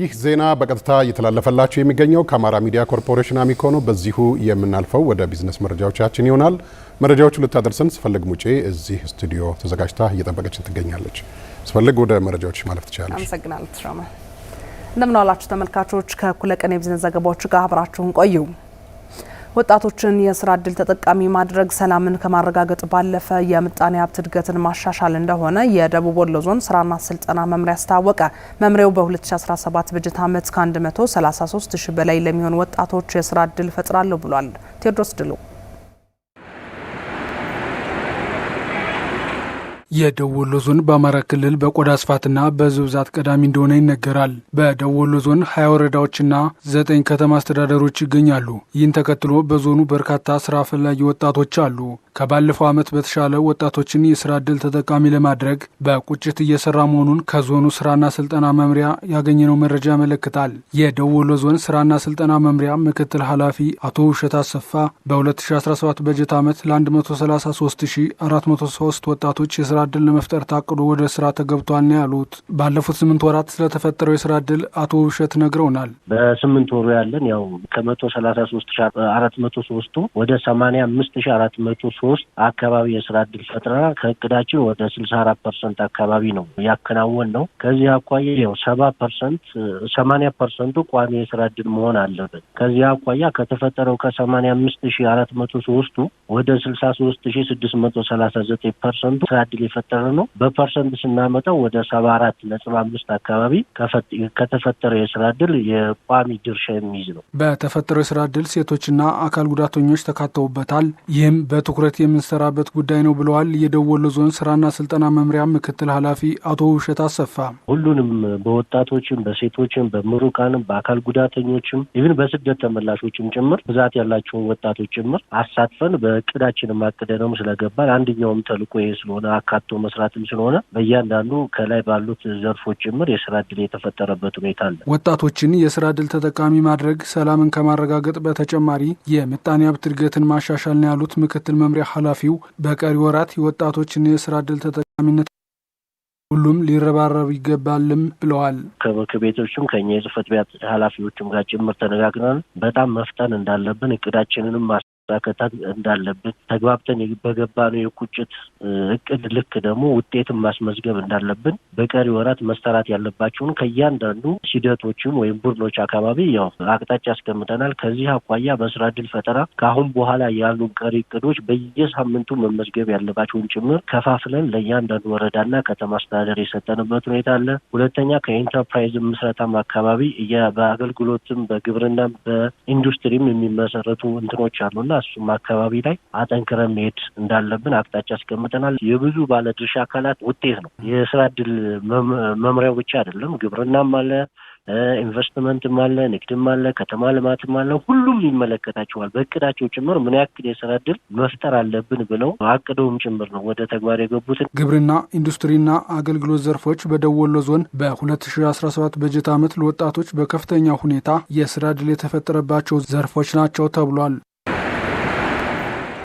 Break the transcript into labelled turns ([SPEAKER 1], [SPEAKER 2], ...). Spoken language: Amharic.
[SPEAKER 1] ይህ ዜና በቀጥታ እየተላለፈላችሁ የሚገኘው ከአማራ ሚዲያ ኮርፖሬሽን አሚኮ ነው። በዚሁ የምናልፈው ወደ ቢዝነስ መረጃዎቻችን ይሆናል። መረጃዎቹ ልታደርሰን ስፈልግ ሙጬ እዚህ ስቱዲዮ ተዘጋጅታ እየጠበቀችን ትገኛለች። ስፈልግ ወደ መረጃዎች ማለፍ ትችላለች።
[SPEAKER 2] አመሰግናለሁ ትራማ። እንደምን ዋላችሁ ተመልካቾች። ከእኩለ ቀን የቢዝነስ ዘገባዎች ጋር አብራችሁን ቆዩ። ወጣቶችን የስራ እድል ተጠቃሚ ማድረግ ሰላምን ከማረጋገጥ ባለፈ የምጣኔ ሀብት እድገትን ማሻሻል እንደሆነ የደቡብ ወሎ ዞን ስራና ስልጠና መምሪያ አስታወቀ። መምሪያው በ2017 በጀት ዓመት ከ133 ሺህ በላይ ለሚሆኑ ወጣቶች የስራ እድል ፈጥራለሁ ብሏል። ቴዎድሮስ ድሉ
[SPEAKER 3] የደቡብ ወሎ ዞን በአማራ ክልል በቆዳ ስፋትና በሕዝብ ብዛት ቀዳሚ እንደሆነ ይነገራል። በደቡብ ወሎ ዞን ሀያ ወረዳዎችና ዘጠኝ ከተማ አስተዳደሮች ይገኛሉ። ይህን ተከትሎ በዞኑ በርካታ ስራ ፈላጊ ወጣቶች አሉ። ከባለፈው ዓመት በተሻለው ወጣቶችን የስራ ዕድል ተጠቃሚ ለማድረግ በቁጭት እየሰራ መሆኑን ከዞኑ ስራና ስልጠና መምሪያ ያገኘነው መረጃ ያመለክታል። የደቡብ ወሎ ዞን ስራና ስልጠና መምሪያ ምክትል ኃላፊ አቶ ውሸት አሰፋ በ2017 በጀት ዓመት ለ133403 ወጣቶች የስራ ዕድል ለመፍጠር ታቅዶ ወደ ስራ ተገብቷል ነው ያሉት። ባለፉት ስምንት ወራት ስለተፈጠረው የስራ ዕድል አቶ ውሸት ነግረውናል።
[SPEAKER 4] በስምንት ወሩ ያለን ያው ከ 133403 ወደ 85400 ሶስት አካባቢ የስራ እድል ፈጥረናል። ከእቅዳችን ወደ ስልሳ አራት ፐርሰንት አካባቢ ነው ያከናወን ነው። ከዚህ አኳያ ያው ሰባ ፐርሰንት ሰማኒያ ፐርሰንቱ ቋሚ የስራ እድል መሆን አለበት። ከዚህ አኳያ ከተፈጠረው ከሰማኒያ አምስት ሺ አራት መቶ ሶስቱ ወደ ስልሳ ሶስት ሺ ስድስት መቶ ሰላሳ ዘጠኝ ፐርሰንቱ ስራ እድል የፈጠረ ነው። በፐርሰንት ስናመጣው ወደ ሰባ አራት ነጥብ አምስት አካባቢ ከተፈጠረው የስራ እድል የቋሚ ድርሻ የሚይዝ ነው።
[SPEAKER 3] በተፈጠረው የስራ እድል ሴቶችና አካል ጉዳተኞች ተካተውበታል። ይህም በትኩረት ትኩረት የምንሰራበት ጉዳይ ነው ብለዋል። የደወሎ ዞን ስራና ስልጠና መምሪያ ምክትል ኃላፊ አቶ ውሸት አሰፋ።
[SPEAKER 4] ሁሉንም በወጣቶችም፣ በሴቶችም፣ በምሩቃንም፣ በአካል ጉዳተኞችም ኢቭን በስደት ተመላሾችም ጭምር ብዛት ያላቸውን ወጣቶች ጭምር አሳትፈን በእቅዳችን ነው ስለገባል አንደኛውም ተልዕኮ ይሄ ስለሆነ አካቶ መስራትም ስለሆነ በእያንዳንዱ ከላይ ባሉት ዘርፎች ጭምር የስራ እድል የተፈጠረበት ሁኔታ
[SPEAKER 3] አለ። ወጣቶችን የስራ እድል ተጠቃሚ ማድረግ ሰላምን ከማረጋገጥ በተጨማሪ የምጣኔ ሀብት እድገትን ማሻሻል ነው ያሉት ምክትል መምሪያ መምሪያ ኃላፊው በቀሪ ወራት የወጣቶችን የስራ ድል ተጠቃሚነት ሁሉም ሊረባረብ ይገባልም ብለዋል።
[SPEAKER 4] ከምክር ቤቶችም ከኛ የጽህፈት ቤት ኃላፊዎችም ጋር ጭምር ተነጋግረን በጣም መፍጠን እንዳለብን እቅዳችንንም መበረከታት እንዳለብን ተግባብተን በገባነው የቁጭት እቅድ ልክ ደግሞ ውጤትን ማስመዝገብ እንዳለብን በቀሪ ወራት መሰራት ያለባቸውን ከእያንዳንዱ ሂደቶችም ወይም ቡድኖች አካባቢ ያው አቅጣጫ አስቀምጠናል። ከዚህ አኳያ በስራ እድል ፈጠራ ከአሁን በኋላ ያሉ ቀሪ እቅዶች በየሳምንቱ መመዝገብ ያለባቸውን ጭምር ከፋፍለን ለእያንዳንዱ ወረዳና ከተማ አስተዳደር የሰጠንበት ሁኔታ አለ። ሁለተኛ ከኢንተርፕራይዝ ምስረታም አካባቢ በአገልግሎትም በግብርናም በኢንዱስትሪም የሚመሰረቱ እንትኖች አሉና እና እሱም አካባቢ ላይ አጠንክረን መሄድ እንዳለብን አቅጣጫ አስቀምጠናል። የብዙ ባለድርሻ አካላት ውጤት ነው። የስራ እድል መምሪያው ብቻ አይደለም። ግብርናም አለ፣ ኢንቨስትመንትም አለ፣ ንግድም አለ፣ ከተማ ልማትም አለ። ሁሉም ይመለከታቸዋል። በእቅዳቸው ጭምር ምን ያክል የስራ እድል መፍጠር አለብን ብለው አቅደውም ጭምር ነው ወደ ተግባር የገቡትን።
[SPEAKER 3] ግብርና ኢንዱስትሪና አገልግሎት ዘርፎች በደቡብ ወሎ ዞን በ2017 በጀት ዓመት ለወጣቶች በከፍተኛ ሁኔታ የስራ እድል የተፈጠረባቸው ዘርፎች ናቸው ተብሏል።